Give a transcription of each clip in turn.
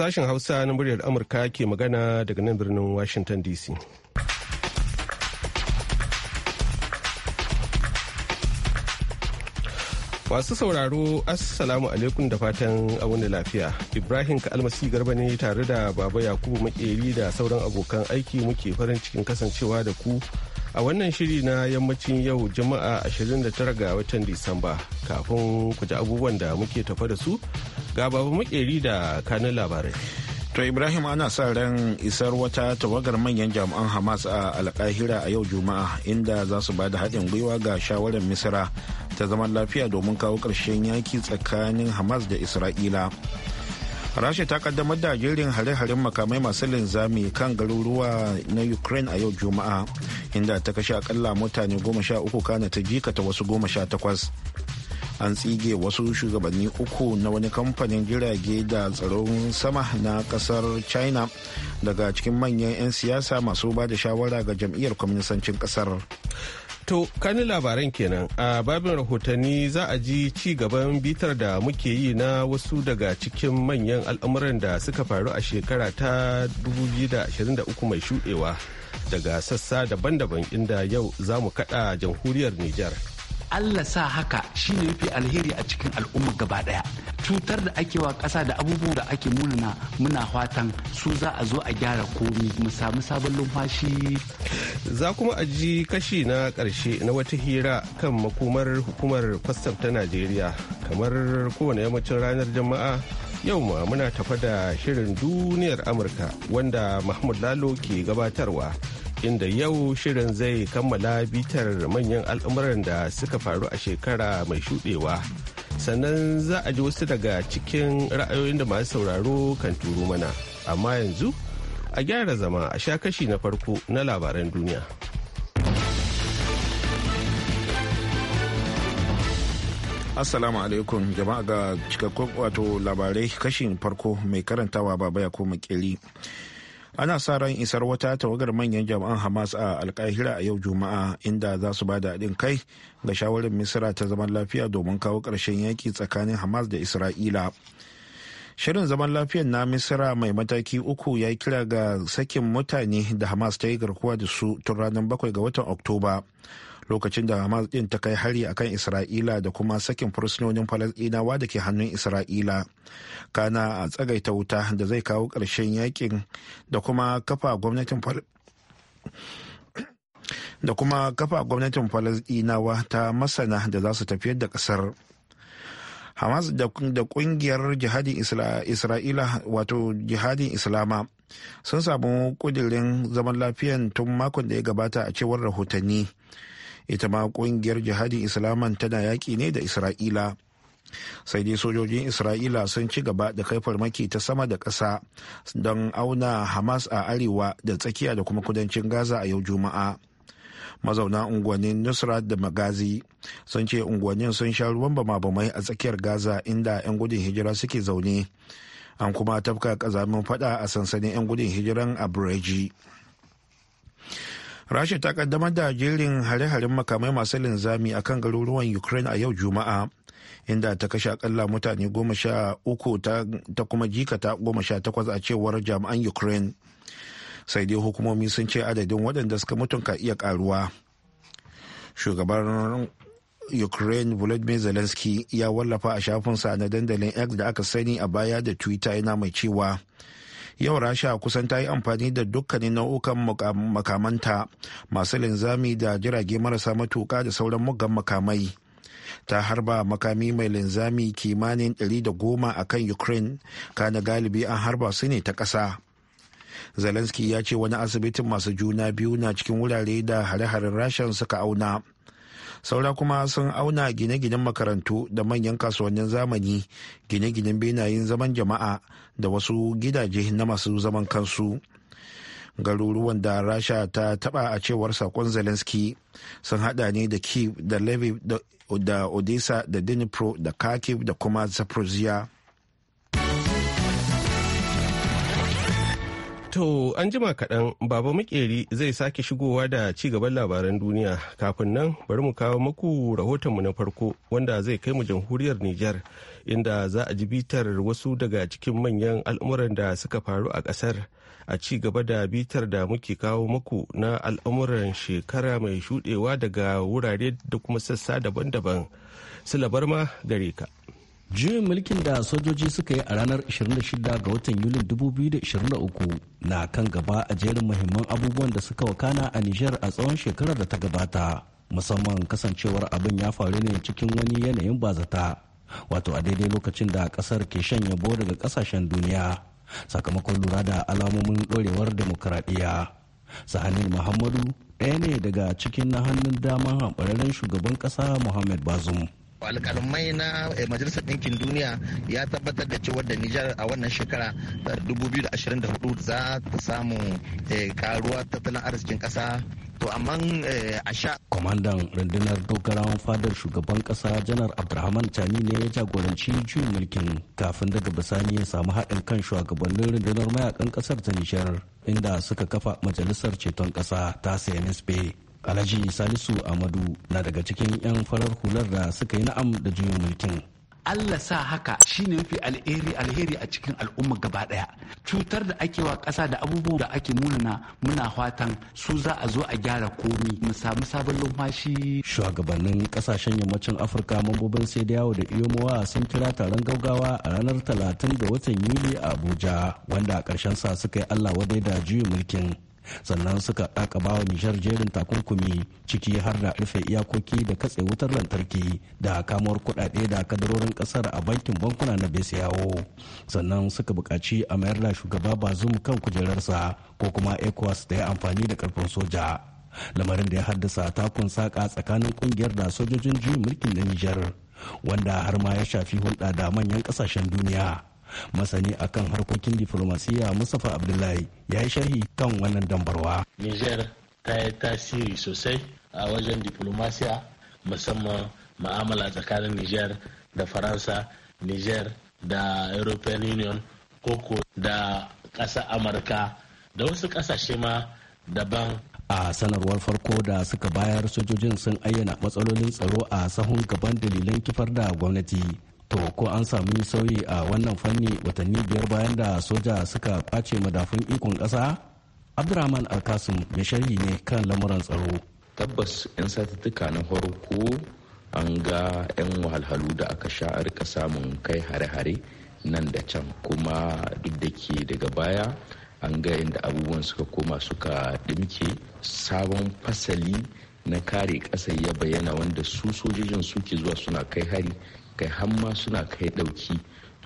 Sashen Hausa na muryar Amurka ke magana daga nan birnin Washington DC. Masu sauraro, Assalamu alaikum da fatan wani lafiya. Ibrahim Kalmasi Garba ne tare da Baba Yakubu Makeri da sauran abokan aiki muke farin cikin kasancewa da ku a wannan shiri na yammacin yau juma'a 29 ga watan disamba kafin ku ji abubuwan da muke tafa da su ga babu makeri da kanun labarai to ibrahim ana sa ran isar wata tawagar manyan jami'an hamas a alkahira a yau juma'a inda za su ba da haɗin gwiwa ga shawarar misira ta zaman lafiya domin kawo ƙarshen yaki tsakanin hamas da isra'ila rasha ta kaddamar da jerin hare-haren makamai masu linzami kan garuruwa na ukraine a yau juma'a inda ta kashe akalla mutane goma sha uku kana ta jikata wasu goma sha takwas an tsige wasu shugabanni uku na wani kamfanin jirage da tsaron sama na kasar china daga cikin manyan 'yan siyasa masu ba da shawara ga jam'iyyar kwaminisancin kasar To, kani labaran kenan a babin rahotanni za a ji ci gaban bitar da muke yi na wasu daga cikin manyan al'amuran da suka faru a shekara ta 2023 mai shuɗewa daga sassa daban-daban inda yau za mu kada jamhuriyar Nijar. Allah sa haka shine mafi alheri a cikin al'umma gaba daya cutar da ake wa ƙasa da abubuwa da ake munana muna fatan su za a zo a gyara komi mu samu sabon lumfashi za kuma a ji kashi na ƙarshe na wata hira kan makomar hukumar kwastam ta najeriya kamar kowane yammacin ranar jama'a yau ma muna tafa da shirin duniyar amurka wanda mahmud lalo ke gabatarwa inda yau shirin zai kammala bitar manyan al'amuran da suka faru a shekara mai shudewa sannan za a ji wasu daga cikin ra'ayoyin da masu sauraro kan turu mana amma yanzu a gyara zama a sha kashi na farko na labaran duniya assalamu alaikum jama'a ga cikakkun wato labarai kashin farko mai karantawa baba ya koma kiri ana sa ran isar wata tawagar manyan jama'an hamas a alkahira a yau juma'a inda za su ba da haɗin kai ga shawarar misira ta zaman lafiya domin kawo ƙarshen yaƙi tsakanin hamas da isra'ila shirin zaman lafiyar na misira mai mataki uku ya kira ga sakin mutane da hamas ta yi garkuwa da su tun ranar bakwai ga watan oktoba lokacin da hamas din ta kai hari akan isra'ila da kuma sakin fursunonin falasɗinawa da ke hannun isra'ila kana a tsagaita wuta da zai kawo ƙarshen yakin da kuma kafa gwamnatin da kuma kafa gwamnatin falasɗinawa ta masana da za su tafiyar da ƙasar hamas da ƙungiyar jihadin isra'ila wato jihadin islama sun samu kudirin zaman lafiyan tun makon da ya gabata a cewar rahotanni ita ma kungiyar jihadin islaman tana yaki ne da isra'ila sai dai sojojin isra'ila sun ci gaba da kai farmaki ta sama da ƙasa don auna hamas a arewa da tsakiya da kuma kudancin gaza a yau juma'a mazauna unguwannin nusrat da magazi sun ce unguwannin sun sha ruwan bama-bamai a tsakiyar gaza inda 'yan gudun hijira suke zaune an kuma tafka kazamin fada a sansanin 'yan gudun hijiran a rasha ta kaddamar da jerin hare-haren makamai masu linzami a kan garuruwan ukraine a yau juma'a inda ta kashe akalla mutane goma sha uku ta kuma jikata goma sha takwas a cewar jami'an ukraine sai dai hukumomi sun ce adadin waɗanda suka mutun ka iya karuwa shugaban ukraine volodymyr zelensky ya wallafa a shafinsa na dandalin x da aka sani a baya da twitter yana mai cewa yau rasha kusan ta yi amfani da dukkanin nau'ukan makamanta masu linzami da jirage marasa matuka da sauran mugan makamai ta harba makami mai linzami kimanin 110 a kan ukraine kana galibi an harba su ne ta ƙasa zelensky ya ce wani asibitin masu juna biyu na cikin wurare da hare-haren rashin suka auna saura kuma sun auna gine-ginen makarantu da manyan kasuwannin zamani gine-ginen benayen zaman jama'a da wasu gidaje na masu zaman kansu garuruwan da rasha ta taba a cewar sakon zelensky sun hada ne da kiev da lviv da odessa da dnipro da kharkiv da kuma zaporozhia To an jima kaɗan baba makeri zai sake shigowa da ci gaban labaran duniya kafin nan bari mu kawo muku rahotonmu na farko wanda zai kai mu jamhuriyar Nijar inda za a ji bitar wasu daga cikin manyan al'amuran da suka faru a ƙasar a ci gaba da bitar da muke kawo muku na al'amuran shekara mai shuɗewa daga wurare da kuma sassa daban-daban. Silabar ma gare ka. juyin mulkin da sojoji suka yi a ranar 26 ga watan yulin 2023 na kan gaba a jerin mahimman abubuwan da suka wakana a nijar a tsawon shekarar da ta gabata musamman kasancewar abin ya faru ne cikin wani yanayin bazata wato a daidai lokacin da kasar ke shan yabo daga kasashen duniya sakamakon lura da alamomin ɗorewar demokradiyya sahanin muhammadu ɗaya ne daga cikin na hannun daman hamɓararren shugaban ƙasa muhammad bazum alƙalmai na eh, majalisar ɗinkin duniya ya tabbatar da cewa da nijar a wannan shekara ta 2024 za ta samu eh, karuwa tattalin arzikin ƙasa to amma eh, a sha kwamandan rundunar dogarawan fadar shugaban kasa janar abdulrahman chani ne ya jagoranci juyin mulkin kafin daga bisani ya samu haɗin kan shugabannin rundunar mayakan kasar ta nijar inda suka kafa majalisar ceton kasa ta cnsp alhaji salisu amadu na daga cikin 'yan farar hular da suka yi na'am da juyin mulkin Allah sa haka shi ne mafi alheri alheri a cikin al'umma gaba daya cutar da ake wa kasa da abubuwan da ake munana muna fatan su za a zo a gyara komi mu samu sabon lumfashi shugabannin kasashen yammacin afirka mambobin sai da yawo da iyomowa sun kira taron gaugawa a ranar talatin da watan yuli a abuja wanda a karshen sa suka yi allah wadai da juyin mulkin sannan suka ɗaka bawa nijar jerin takunkumi ciki har da rufe iyakoki da katse wutar lantarki da kamuwar kuɗaɗe da kadarorin ƙasar a bankin bankuna na besiyawo sannan suka buƙaci a mayar da shugaba bazum kan kujerarsa ko kuma ecowas da ya amfani da ƙarfin soja lamarin da ya haddasa takun saƙa tsakanin ƙungiyar da sojojin juyin mulkin na nijar wanda har ma ya shafi hulɗa da manyan ƙasashen duniya masani a kan harkokin diflomasiyya mustapha abdullahi ya yi sharhi kan wannan dambarwa niger ta yi tasiri sosai a wajen diflomasiya musamman ma'amala tsakanin niger da faransa niger da european union koko da ƙasa amurka da wasu ƙasashe ma daban a sanarwar farko da suka bayar sojojin sun ayyana matsalolin tsaro a sahun gaban dalilan kifar da gwamnati to ko an sami sauyi a wannan fanni watanni biyar bayan da soja suka ɓace madafun ikon ƙasa abdurrahman alkasim mai sharhi ne kan lamuran tsaro tabbas 'yan satuttuka na farko an ga 'yan wahalhalu da aka sha a rika samun kai hare-hare nan da can kuma duk da ke daga baya an ga inda abubuwan suka koma suka dimke sabon fasali na kare ƙasa ya bayyana wanda su sojojin suke zuwa suna kai hari kai hamma suna kai ɗauki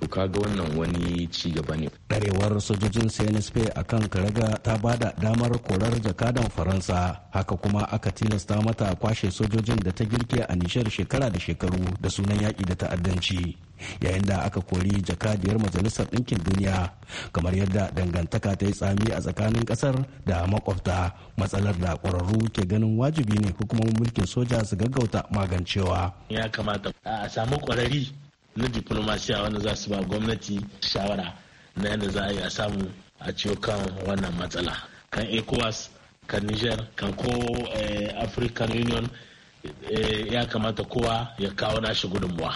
to kaga wannan wani ci gaba ne darewar sojojin cnsp a kan karaga ta bada damar korar jakadan faransa haka kuma aka tilasta mata kwashe sojojin da ta girke a nishar shekara da shekaru da sunan yaƙi da ta'addanci yayin da aka kori jakadiyar majalisar ɗinkin duniya kamar yadda dangantaka ta yi tsami a tsakanin ƙasar da makwabta matsalar da ƙwararru ke ganin wajibi ne hukumomin mulkin soja su gaggauta magancewa ya kamata a samu ƙwararri na diplomasiya wanda za su ba gwamnati shawara na yadda za a yi a samu a ciwo kan wannan matsala kan ecowas kan niger kan ko eh, african union eh, ya kamata kowa ya kawo nashi gudunmuwa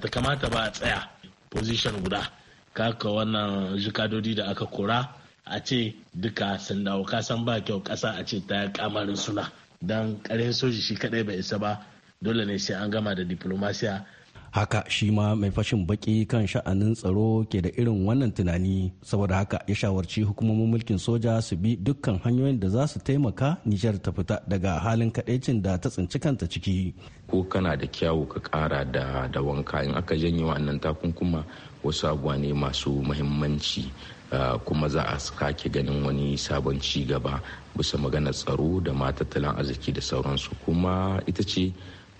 ta kamata ba a tsaya position guda kaka wannan jikadodi da aka kora a ce duka sun dawo kasan ba kyau kasa a ce ta kamarin suna don karin soji shi kadai bai isa ba dole ne sai an gama da diplomasiya haka shi ma mai fashin baki kan sha'anin tsaro ke da irin wannan tunani saboda haka ya shawarci hukumomin mulkin soja su bi dukkan hanyoyin da za su taimaka nijar ta fita daga halin kadaicin da ta tsinci kanta ciki ko kana da kyawu ka kara da da wanka in aka janye wannan takunkuma wasu abuwa ne masu muhimmanci ah, kuma za a kake ganin wani sabon ci gaba bisa magana tsaro da ma tattalin arziki da sauransu kuma ita ce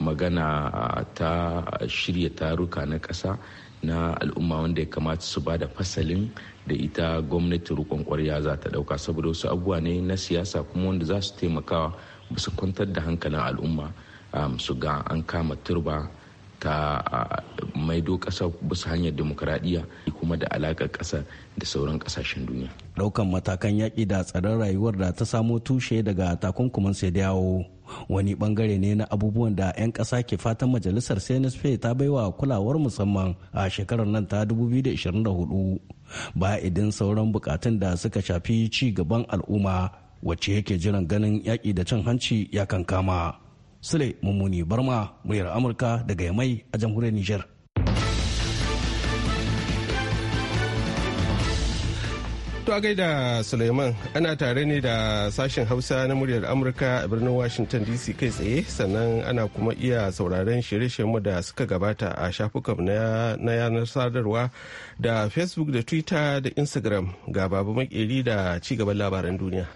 magana ta shirya taruka na ƙasa na al'umma wanda ya kamata su ba da fasalin da ita gwamnati rukon kwarya za ta ɗauka saboda wasu abubuwa ne na siyasa kuma wanda za su taimakawa ba su kwantar da hankalin al'umma su ga an kama turba ta maido ƙasa bisa hanyar demokuraɗiyya kuma da alaƙar ƙasa da sauran ƙasashen duniya. Ɗaukan matakan yaƙi da tsaron rayuwar da ta samo tushe daga takunkuman sai yawo. wani bangare ne na abubuwan da 'yan ƙasa ke fatan majalisar cnsp ta baiwa kulawar musamman a shekarar nan ta 2024 ba idan sauran bukatun da suka shafi ci gaban al'umma wacce yake jiran ganin yaƙi da cin hanci ya kankama sule mummuni barma muryar amurka daga yamai a jamhuriyar niger To a gaida Suleiman ana tare ne da sashen Hausa na muryar Amurka a birnin Washington DC kai tsaye sannan ana kuma iya sauraron shirye-shiryenmu da suka gabata a shafukan na yanar sadarwa da Facebook da Twitter da Instagram ga babu makeri da cigaban labaran duniya.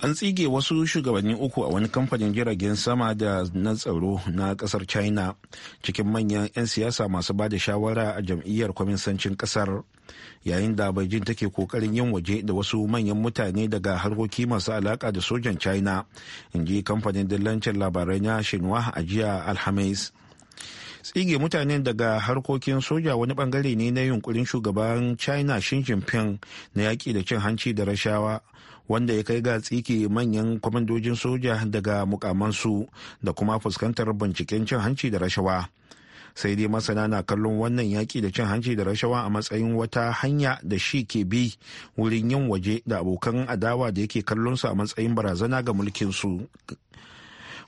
An tsige wasu shugabanni uku a wani kamfanin jiragen sama da na tsaro na kasar China cikin manyan 'yan siyasa masu ba da shawara a jam'iyyar kwaminsancin kasar. yayin da beijing take kokarin yin waje da wasu manyan mutane daga harkoki masu alaka da sojan china in ji kamfanin dillancin labarai na shinwa a jiya alhamis tsige mutanen daga harkokin soja wani bangare ne na yunkurin shugaban china xi jinping na yaƙi da cin hanci da rashawa wanda ya kai ga tsike manyan kwamandojin soja daga mukamansu da kuma fuskantar binciken cin hanci da rashawa sai dai masana na kallon wannan yaƙi da cin hanci da rashawa a matsayin wata hanya da shi ke bi wurin yin waje da abokan adawa da yake kallon su a matsayin barazana ga mulkin su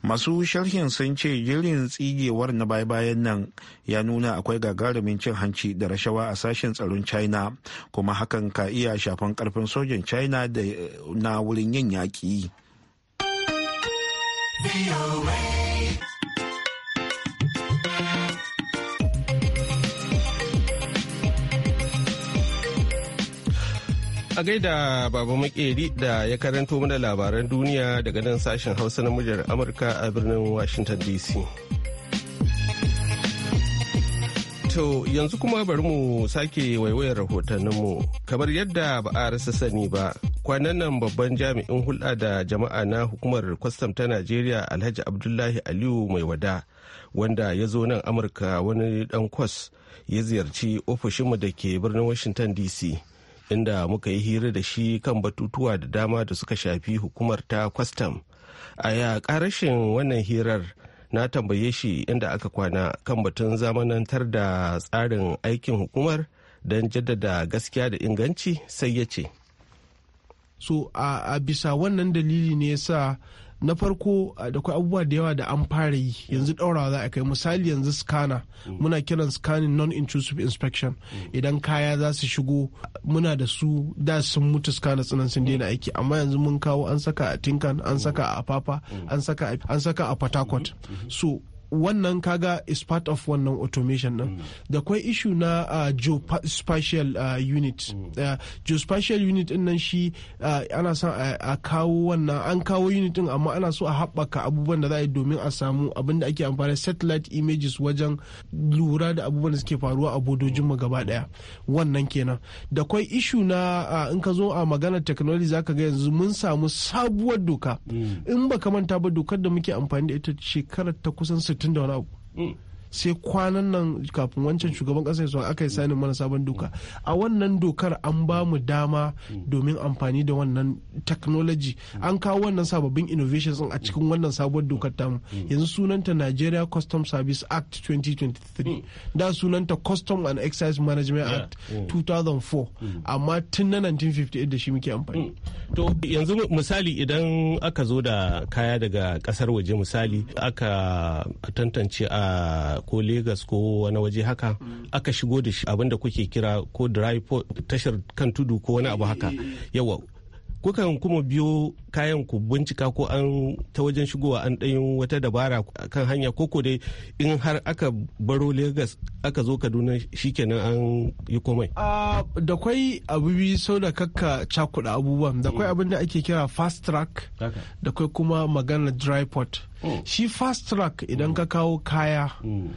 masu sharhin sun ce jirin tsigewar na baya-bayan nan ya nuna akwai gagarumin cin hanci da rashawa a sashen tsaron china kuma hakan ka iya shafan karfin sojin china da na wurin yin yaƙi. A gaida Baba Makeri da ya karanto mana labaran duniya daga nan sashen Hausa na muryar Amurka a birnin Washington DC. To yanzu kuma bari mu sake waiwayar rahotanninmu. Kamar yadda ba a rasa sani ba, kwanan nan babban jami'in hulɗa da jama'a na hukumar kwastam ta Najeriya Alhaji Abdullahi Aliyu mai wada, wanda ya zo nan Amurka wani ɗan kwas ya ziyarci ofishinmu da ke birnin Washington DC. inda muka yi hira da shi kan batutuwa da dama da suka shafi hukumar ta kwastam a ya karashin wannan hirar na tambaye shi inda aka kwana kan batun zamanantar da tsarin aikin hukumar don jaddada gaskiya da inganci sai ya ce so a bisa wannan dalili ne yasa na farko da kwa abubuwa da yawa da an fara yi yanzu ɗaurawa za a kai misali yanzu scanner mm. muna kiran scanning non-intrusive inspection mm. idan kaya za su shigo muna da su da sun mutu scanner tsinan sun daina mm. aiki amma yanzu mun kawo an saka a tinkan an saka a papa an saka a port mm-hmm. Mm-hmm. so wannan kaga is part of wannan automation din mm. da kwai issue na uh, geospatial uh, unit mm. uh, geospatial unit din nan shi uh, ana son a kawo wannan an kawo unit din amma ana so a haɓaka abubuwan da za a yi domin a samu abin da ake amfani satellite images wajen lura da abubuwan da suke faruwa a bodojinmu gaba daya wannan kenan da kwai issue na in ka zo a maganar technology zaka ga yanzu mun samu sabuwar doka mm. in baka manta ba dokar da muke amfani da ita shekarar ta kusan sittin da wani abu mm. sai kwanan nan kafin wancan shugaban kasa ya aka yi sanin mana sabon doka a wannan dokar an ba mu dama domin amfani da wannan technology an kawo wannan sababbin innovations a cikin wannan sabon dokar tamu yanzu sunanta Nigeria Custom Service Act 2023 da sunanta Custom and Excise Management Act 2004 amma tun na 1958 da shi muke amfani hmm. to yanzu misali idan aka zo da kaya daga kasar waje misali aka tantance a ah, ko Legas ko wani waje haka aka shigo da shi da kuke kira ko dry tashar kan tudu ko wani abu haka yawa kukan kuma biyo kayan ku bincika ko an ta wajen shigowa an ɗayin wata dabara kan hanya koko dai in har aka baro Legas aka zo Kaduna shikenan an yi komai. Da kwai abu sau da kakka cakuɗa abubuwan da kwai mm. abin da ake kira fast track da kwai kuma magana dry pot. Mm. Shi fast track idan ka kawo kaya mm.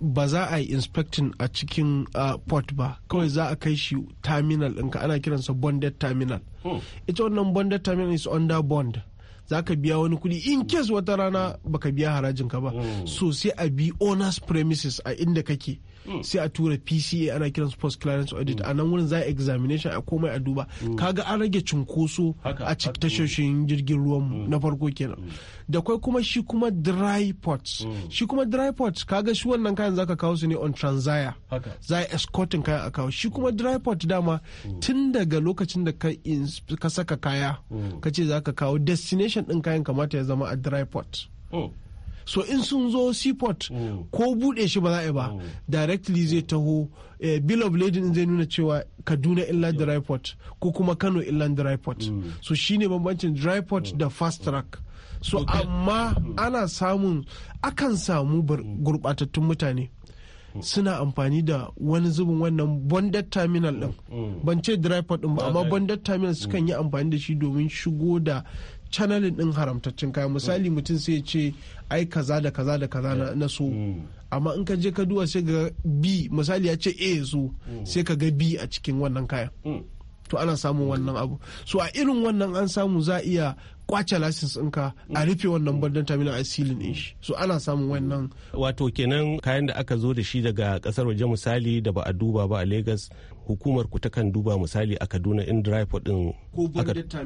ba za a yi inspecting a cikin uh, port ba kawai za a kai shi terminal ɗinka ana kiransa bonded terminal hmm. ita wannan bonded terminal is under bond za ka biya wani kuɗi in case wata rana baka biya harajinka ba hmm. so sai a bi owners premises a inda kake Mm. sai a tura pca ana kiran post clearance audit mm. a nan wurin za a examination a komai a duba mm. kaga an rage cunkoso a cikin tashoshin jirgin ruwan na farko kenan da kwai kuma shi kuma dry ports shi kuma dry ports kaga shi wannan kayan zaka kawo su ne on transaya za a escorting kayan a kawo shi kuma dry port dama tun daga lokacin da ka saka kaya ka ce zaka kawo destination din kayan kamata ya zama a dry port oh. so in sun zo seaport ko bude shi ba za a yi ba directly zai taho eh, bill of lading zai nuna cewa kaduna inland dry port ko kuma kano inland dry port so shine bambancin dry port da fast track so amma ana samun akan samu gurbatattun mutane suna amfani da wani zubin wannan bonded terminal din mm. ban ce dry port din ba amma bonded terminal sukan yi amfani da shi domin shigo da channeling din haramtaccen kaya misali mm. mutum sai ce ai kaza da kaza da kaza na so mm. amma in ka je ka duwa sai ga b misali ya ce a so mm. sai ka ga b a cikin wannan kaya to ana samun wannan abu so a irin wannan an samu za iya kwace license ɗinka a rufe wannan bandon terminal asilin din shi so ana samun wannan wato kenan kayan da aka zo da shi daga kasar waje misali da ba a duba ba a Legas. hukumar ku kan duba misali a kaduna in drive din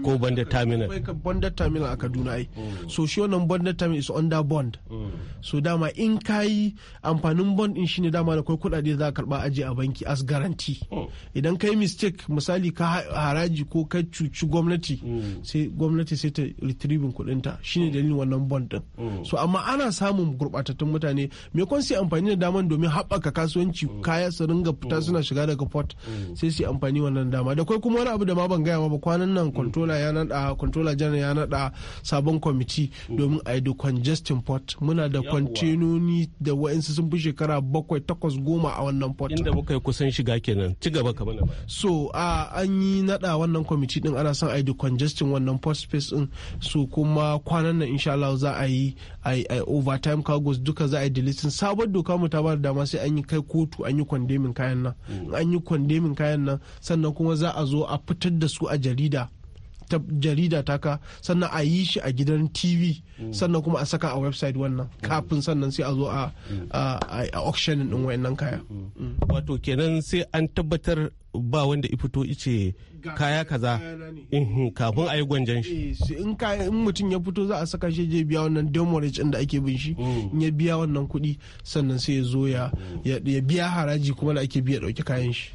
ko bonded terminal ko bonded terminal a kaduna ai mm. so shi wannan bonded terminal is under bond mm. so dama in kayi amfanin bond din shine dama da kai kudade za ka karba aje a banki as guarantee mm. idan kai mistake misali ka haraji ko ka cuci gwamnati sai gwamnati sai ta retrieving kudin ta shine dalilin wannan bond din so amma ana samun gurbatattun mutane me kon sai amfani da daman domin haɓaka kasuwanci kaya su ringa fita suna shiga daga port Mm. sai su amfani wannan dama da kai kuma wani abu da ma ban gaya ma ba kwanan nan controller ya nada controller general ya nada sabon kwamiti domin a yi da congestion port muna da kwantenoni da wa'insu sun fi shekara bakwai takwas goma a wannan port inda muka yi kusan shiga kenan ci gaba ka bana so a an yi nada wannan kwamiti din ana son a yi da congestion wannan port space din so kuma kwanan nan insha Allah za a yi a overtime cargo duka za a yi deleting sabon doka mu ta ba da dama sai an yi kai kotu an yi kwandemin kayan nan mm. an yi kwandemin min kayan nan sannan kuma za a zo a fitar da su a jarida ta jarida taka sannan a yi shi a gidan tv sannan kuma a saka a website wannan kafin sannan sai a zo a auction din wayannan kaya wato kenan sai an tabbatar ba wanda ifito ice kaya kaza kafin a yi gwanjan shi eh, in mutum ya fito za a saka shi je biya wannan demorage da ake bin shi mm. in ya biya wannan kudi sannan sai ya zo ya biya haraji kuma da ake biya dauki kayan shi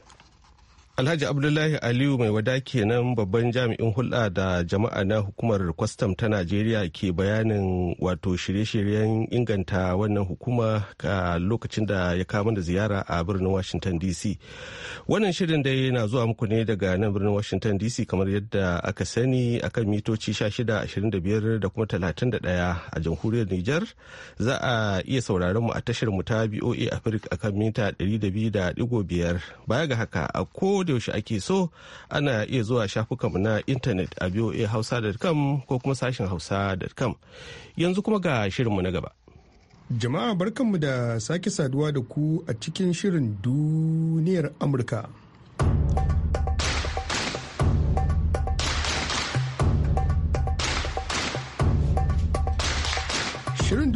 Alhaji Abdullahi Aliyu mai wada kenan babban jami'in hulɗa da jama'a na hukumar kwastam ta Najeriya ke bayanin wato shirye-shiryen inganta wannan hukuma a lokacin da ya kama da ziyara a birnin Washington DC. Wannan shirin dai na zuwa muku ne daga nan birnin Washington DC kamar yadda aka sani akan mitoci 16, 25 da kuma 31 a jamhuriyar Nijar. Za a iya sauraron mu a tashar mu ta BOA Africa akan mita 200.5 baya ga haka a yaushe ake so ana iya zuwa shafukanmu na intanet a hausa.com ko kuma sashen hausa.com yanzu kuma ga shirinmu na gaba jama'a barkanmu da sake saduwa da ku a cikin shirin duniyar amurka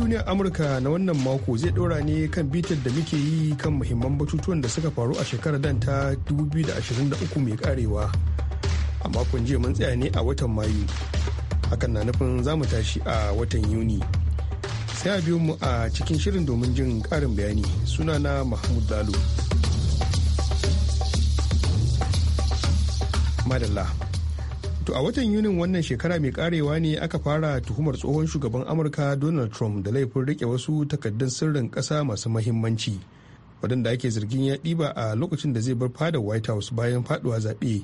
duniyar Amurka na wannan mako zai ɗora ne kan bitar da muke yi kan muhimman batutuwan da suka faru a shekarar dan ta 2023 mai karewa. A makon jiya mun tsaya ne a watan Mayu. Hakan na nufin za mu tashi a watan Yuni. Sai a biyo mu a cikin shirin domin jin karin bayani. Sunana Mahmud Lalo. Madalla. To a watan Yunin wannan shekara mai karewa ne aka fara tuhumar tsohon shugaban Amurka Donald Trump da laifin rike wasu takaddun sirrin ƙasa masu mahimmanci waɗanda ake zargin ya ɗiba a lokacin da zai bar fadar White House bayan faduwa zaɓe.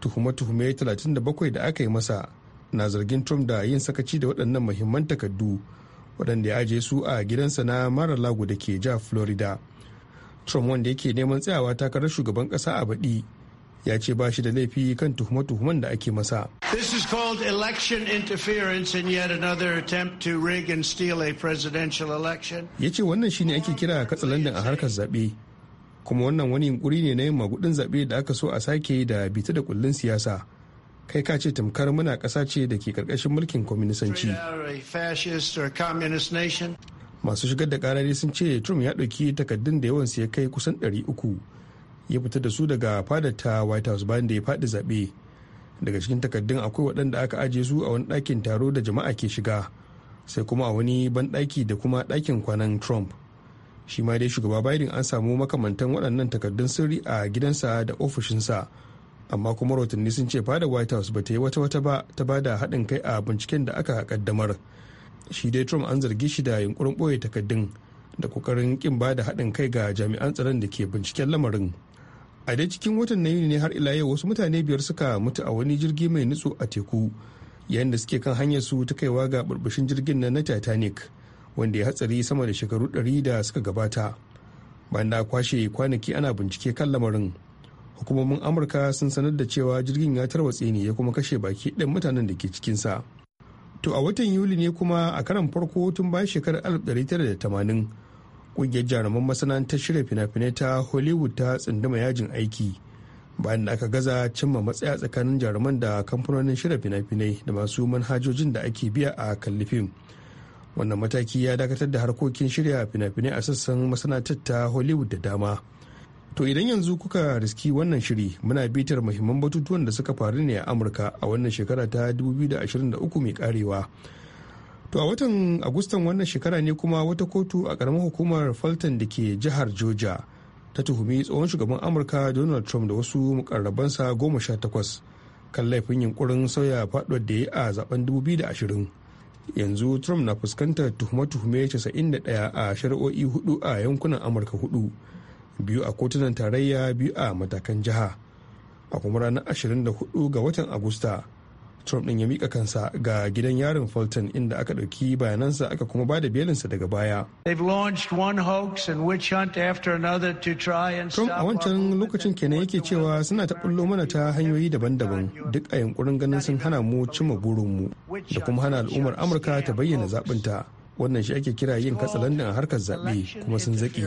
Tuhume-tuhume 37 da aka yi masa na zargin Trump da yin sakaci da waɗannan mahimman takaddu waɗanda ya aje su a gidansa na mara lago da ke ja Florida. Trump wanda yake neman tsayawa takarar shugaban ƙasa a baɗi ya ce ba shi da laifi kan tuhume-tuhumen da ake masa. This is election interference in another attempt to rig and a presidential election. Ya ce wannan shine ake kira katsalandan a harkar zaɓe. Kuma wannan wani yunkuri ne na yin magudin zaɓe da aka so a sake da bita da kullun siyasa. Kai ka ce tamkar muna ƙasa ce da ke ƙarƙashin mulkin kwaminisanci. Masu shigar da ƙarari sun ce Trump ya ɗauki takaddun da yawansu ya kai kusan ɗari uku. ya fita da su daga fadar ta white house bayan da ya fadi zaɓe daga cikin takaddun akwai waɗanda aka ajiye su a wani ɗakin taro da jama'a ke shiga sai kuma a wani banɗaki da kuma ɗakin kwanan trump shi ma dai shugaba biden an samu makamantan waɗannan takaddun sirri a gidansa da ofishinsa amma kuma rahotanni sun ce fada white house ba ta yi wata wata ba ta ba da haɗin kai a binciken da aka kaddamar shi dai trump an zargi shi da yunkurin ɓoye takaddun da kokarin ƙin ba da haɗin kai ga jami'an tsaron da ke binciken lamarin a dai cikin watan na yuni ne har ila yau wasu mutane biyar suka mutu a wani jirgi mai nutso a teku yayin da suke kan hanyar su ta kaiwa ga burbushin jirgin nan na titanic wanda ya hatsari sama da shekaru 100 da suka gabata banda kwashe kwanaki ana bincike kan lamarin hukumomin amurka sun sanar da cewa jirgin ya tarwatse ne ya kuma kashe baki ɗan mutanen da ke cikinsa to a watan yuli ne kuma a karan farko tun bayan shekarar 1980 ƙungiyar jaruman masana'antar shirya fina-finai ta hollywood ta tsunduma yajin aiki bayan da aka gaza cimma matsaya tsakanin jaruman da kamfanonin shirya fina-finai da masu manhajojin da ake biya a kalli fim wannan mataki ya dakatar da harkokin shirya fina-finai a sassan masana'antar ta hollywood da dama to idan yanzu kuka riski wannan shiri muna bitar muhimman batutuwan da suka faru ne a amurka a wannan shekara ta 2023 mai karewa to a watan agustan wannan shekara ne kuma wata kotu a karamar hukumar fulton da ke jihar georgia ta tuhumi tsohon shugaban amurka donald trump da wasu mukarrabansa goma sha takwas kan laifin yunkurin sauya faduwar da ya a zaben 2020 yanzu trump na fuskantar tuhume-tuhume 91 a shari'o'i hudu a yankunan amurka hudu biyu a kotunan tarayya biyu a matakan jiha a kuma ranar 24 ga watan agusta trump din ya mika kansa ga gidan yarin fulton inda aka ɗauki bayanansa aka kuma bada da belinsa daga baya trump a wancan lokacin kenan yake cewa suna ta mana ta hanyoyi daban-daban duk a yankurin ganin sun hana mu cimma burinmu da kuma hana al'ummar amurka ta bayyana zaɓinta wannan shi ake kira yin katsalandan a harkar zaɓe kuma sun zaƙi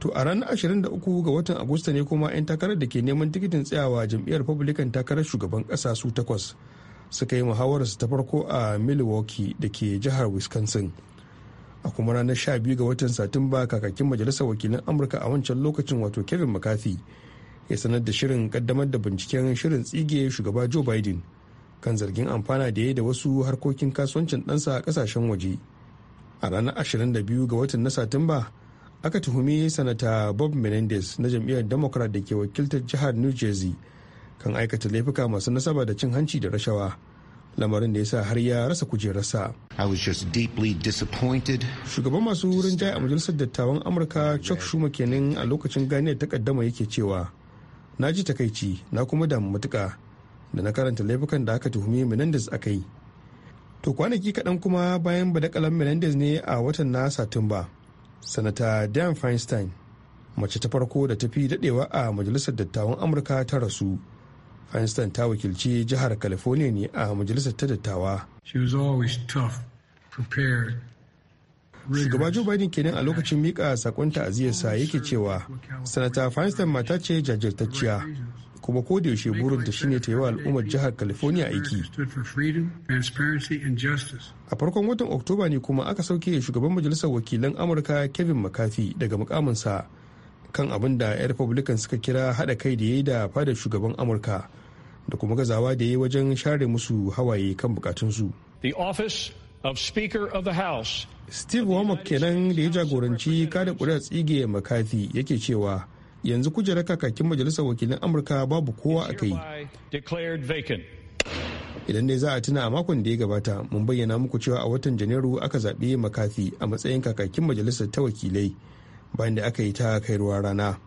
to a ranar 23 ga watan agusta ne kuma 'yan takarar da ke neman tikitin tsayawa jam'iyyar republican takarar shugaban kasa su takwas suka yi muhawararsu ta farko a milwaukee da ke jihar wisconsin a kuma ranar 12 ga watan satumba kakakin majalisar wakilan amurka a wancan lokacin wato kevin mccarthy ya sanar da shirin kaddamar da binciken shirin tsige shugaba joe biden kan zargin amfana da ya da wasu harkokin kasuwancin ɗansa a ƙasashen waje a ranar 22 ga watan na satumba aka tuhumi sanata bob menendez na jam'iyyar democrat da ke wakiltar jihar new jersey kan aikata laifuka masu nasaba da cin hanci da rashawa lamarin da ya sa har ya rasa kujerarsa. Shugaban masu wurin jaya a majalisar dattawan Amurka Chuck Schumer kenan a lokacin ganiyar takaddama yake cewa na ji takaici na kuma damu matuka da na karanta laifukan da aka tuhumi Menendez a kai. To kwanaki kaɗan kuma bayan badakalan Menendez ne a watan na Satumba sanata dan feinstein mace ta farko da ta fi dadewa a majalisar dattawan amurka ta rasu feinstein ta wakilci jihar california ne a majalisar ta dattawa shugaba joe biden kenan a lokacin mika sakon ta'aziyarsa yake cewa sanata feinstein mata ce jajirtacciya kuma yaushe burinta shine ta yi wa al'ummar jihar california aiki a farkon watan oktoba ne kuma aka sauke shugaban majalisar wakilan amurka kevin mccarthy daga mukaminsa kan abin da 'yan republican suka kira haɗa kai da ya yi da fadar shugaban amurka da kuma gazawa da ya yi wajen share musu hawaye kan bukatunsu Steve Womack kenan da ya jagoranci kada kuri'a tsige McCarthy yake cewa yanzu kujerar kakakin majalisar wakilin amurka babu kowa a kai idan dai za a tuna a makon da ya gabata mun bayyana muku cewa a watan janairu aka zaɓi makafi a matsayin kakakin majalisar ta wakilai bayan da aka yi ta kai ruwa rana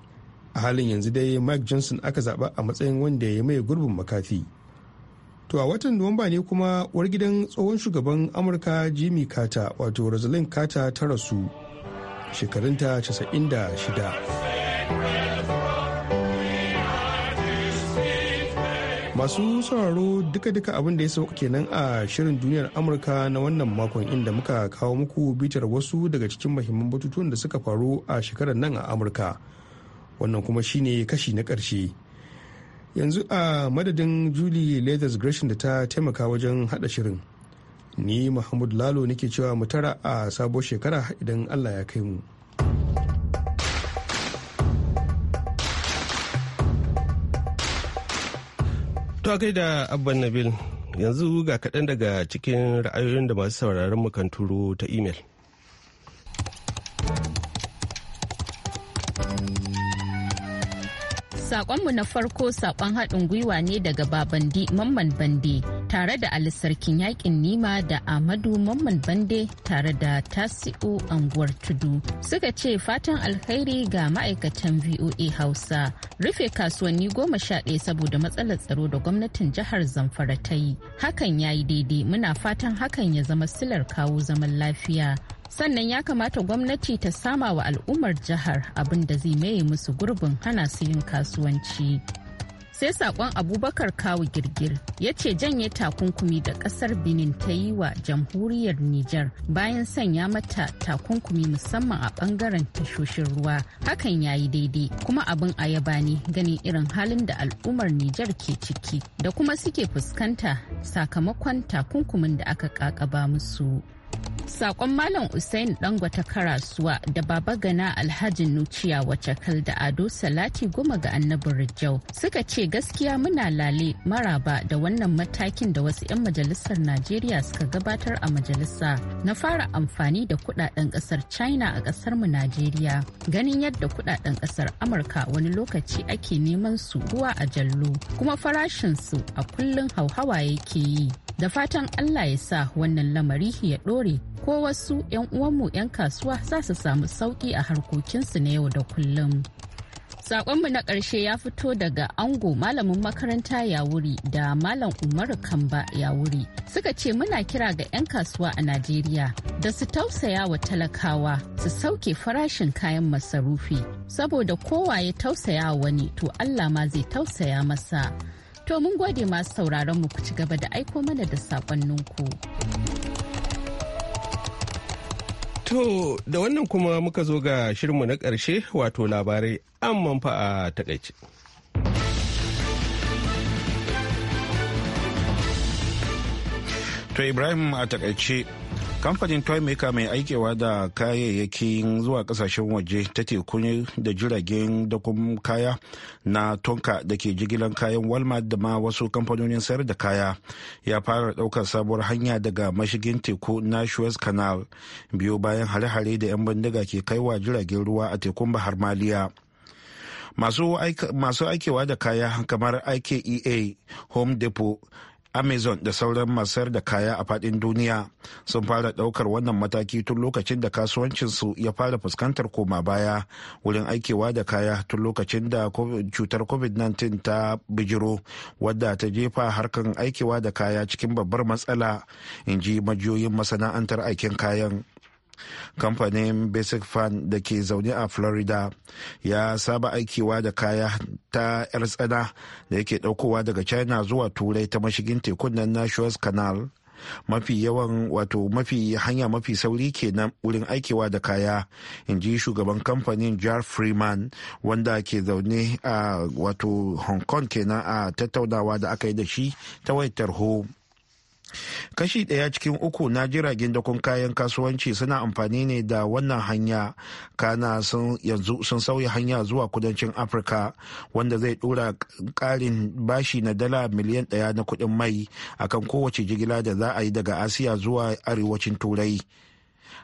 a halin yanzu dai mike johnson aka zaɓa a matsayin wanda ya mai gurbin makafi to a watan nuwamba ne kuma uwar gidan tsohon shugaban amurka jimmy carter wato rosalind carter ta rasu shekarunta 96 masu sauraro duka-duka abin da ya sauka kenan a shirin duniyar amurka na wannan makon inda muka kawo muku bitar wasu daga cikin mahimman batutuwan da suka faru a shekarar nan a amurka wannan kuma shine kashi na karshe yanzu a madadin julie leathers gresham da ta taimaka wajen hada shirin ni mahmud lalo nake cewa mutara a sabuwar shekara idan allah ya kai mu. To da Abban Nabil yanzu ga kaɗan daga cikin ra'ayoyin da masu sauraron mu kan turo ta imel. Sakonmu na farko sakon haɗin gwiwa ne daga Babandi Mamman Bande tare da Ali Sarkin yaƙin Nima da Amadu Mamman Bande tare da Tasi'u Anguwar Tudu. Suka ce fatan alkhairi ga ma'aikatan VOA Hausa. Rufe kasuwanni goma sha ɗaya saboda matsalar tsaro da gwamnatin jihar Zamfara ta yi. Hakan ya yi daidai muna fatan hakan ya zama silar kawo zaman lafiya. sannan ya kamata gwamnati ta sama wa al'ummar jihar abin da zai maye musu gurbin hana su yin kasuwanci sai sakon abubakar kawu girgir ya ce janye takunkumi da kasar benin ta yi wa jamhuriyar niger bayan sanya mata takunkumi musamman a bangaren tashoshin ruwa hakan ya yi daidai kuma abin ayaba ne ganin irin halin da al'ummar niger ke ciki da kuma suke fuskanta sakamakon takunkumin da aka kakaba musu sakon malam usain dangwata karasuwa da baba gana alhaji nuciya wace kal da ado salati goma ga annabin rijau suka ce gaskiya muna lale maraba da wannan matakin da wasu 'yan majalisar najeriya suka gabatar a majalisa na fara amfani da kudaden kasar china a kasar mu najeriya ganin yadda kudaden kasar amurka wani lokaci ake neman su ruwa a jallo kuma farashin su a kullun hauhawa yake yi da fatan allah ya sa wannan lamari ya ɗore ko wasu 'yan uwanmu 'yan kasuwa za su samu sauƙi a harkokinsu na yau da kullum Saƙonmu na ƙarshe ya fito daga ango malamin makaranta yawuri da malam umaru kamba wuri suka ce muna kira ga 'yan kasuwa a najeriya da su tausaya wa talakawa su sauke farashin kayan masarufi saboda kowa ya tausaya wani to allah ma zai tausaya masa To mun gode masu sauraron mu ku ci gaba da aiko mana da saƙonninku. To da wannan kuma muka zo ga shirinmu na ƙarshe wato labarai amman fa a takaice. To Ibrahim a takaice kamfanin toymaker mai aikewa da kayayyakin zuwa kasashen waje ta teku da jiragen dakun kaya na tonka da ke jigilan kayan walmart da ma wasu kamfanonin sayar da kaya ya fara daukar sabuwar hanya daga mashigin teku na suez canal biyu bayan hare-hare da 'yan bindiga ke kaiwa jiragen ruwa a tekun bahar maliya masu aikewa da kaya kamar ikea home depot amazon da sauran masar da kaya a fadin duniya sun fara daukar wannan mataki tun lokacin da kasuwancinsu ya fara fuskantar koma baya wurin aikewa da kaya tun lokacin da cutar covid-19 ta bijiro wadda ta jefa harkan aikewa da kaya cikin babbar matsala in ji majiyoyin masana'antar aikin kayan kamfanin basic fan da ke zaune a florida ya saba aikewa da kaya ta 'yar tsana da yake daukowa daga china zuwa turai ta mashigin tekun nan na suez canal mafi yawan wato mafi hanya mafi sauri kenan wurin aikewa da kaya in ji shugaban kamfanin jar freeman wanda ke zaune a wato hong kong kenan a tattaunawa da aka yi da shi ta wayar tarho kashi ɗaya cikin uku na jiragen dakon kayan kasuwanci suna amfani ne da wannan hanya kana sun yanzu sun sauya hanya zuwa kudancin afirka wanda zai ɗora ƙarin bashi na dala miliyan ɗaya na kuɗin mai akan kowace jigila da za a yi daga asiya zuwa arewacin turai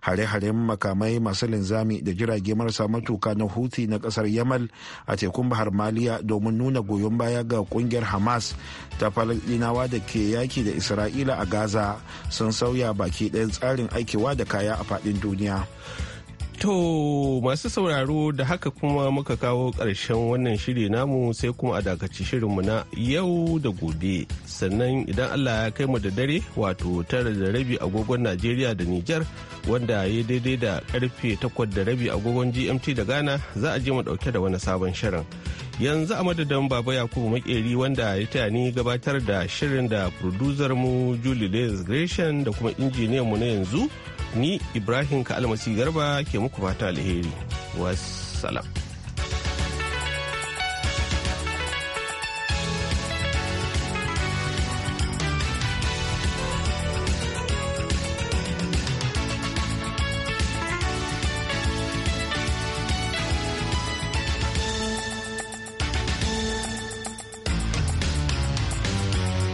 hare-haren makamai masu linzami da jirage marasa matuka na huti na kasar yamal a tekun bahar maliya domin nuna goyon baya ga kungiyar hamas ta falasdinawa da ke yaki da isra'ila a gaza sun sauya baki ɗayan tsarin aikewa da kaya a faɗin duniya To masu sauraro da haka kuma muka kawo ƙarshen wannan shiri namu sai kuma a dakaci shirinmu na yau da gobe. Sannan idan Allah ya kai mu da dare wato tara da rabi agogon Najeriya da Nijar wanda ya daidai da karfe takwas da rabi agogon GMT da Ghana za a je mu ɗauke da wani sabon shirin. Yanzu a madadin Baba Yakubu Makeri wanda ya taya ni gabatar da shirin da producer mu Julie Gresham da kuma injiniyan mu na yanzu. ni ibrahim ka almasi garba ke muku fata alheri wassalam